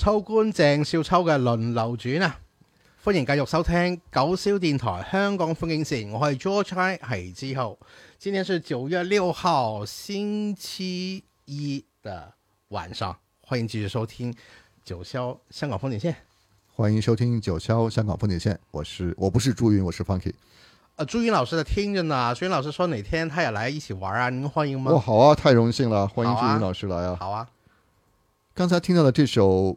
抽官鄭少秋嘅《輪流轉》啊！歡迎繼續收聽九霄電台香港風景線。我係 George 係志豪，今天是九月六號星期一的晚上，歡迎繼續收聽九霄香港風景線。歡迎收聽九霄香港風景線。我是我不是朱雲，我是 Funky。啊、朱雲老師在聽着呢。朱雲老師說哪天他也來一起玩啊？您歡迎嗎？哇、哦，好啊，太榮幸啦！歡迎朱雲老師來啊！好啊。剛才聽到的這首。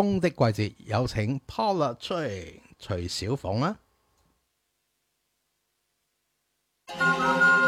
風的季節，有請 Paula Tsui 徐小鳳啊！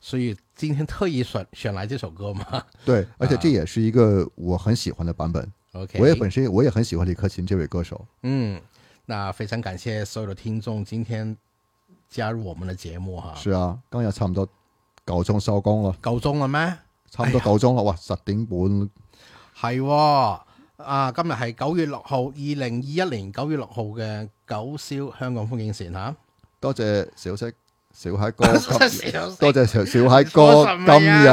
所以今天特意選選來這首歌嘛？對，而且這也是一個我很喜歡的版本。OK，、啊、我也本身我也很喜歡李克勤這位歌手。嗯，那非常感謝所有的聽眾今天加入我們的節目哈。是啊，今日差唔多九鐘收工了。九鐘啦咩？差唔多九鐘啦、哎，哇，十點半。係、哦，啊，今日係九月六號，二零二一年九月六號嘅九霄香港風景線哈、啊。多謝小息。小孩哥，哥， 哥，那個那個啊、哥，多謝小小海哥今日，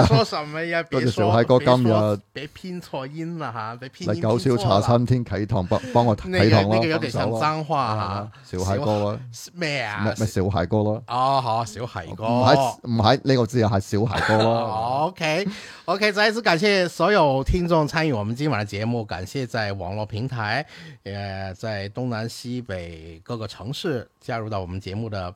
多謝小海哥今日，咪拼錯音啦吓，咪拼。嚟九霄茶餐廳啟堂，幫幫我睇堂啦。呢個有條紅生花吓，小海哥咩啊？咩？小海哥咯。哦，好，小海哥，唔係唔係呢個只有係小海哥咯。 OK OK，再一次感謝所有聽眾參與我們今晚的節目，感謝在網絡平台，誒、呃，在東南西北各個城市加入到我們節目的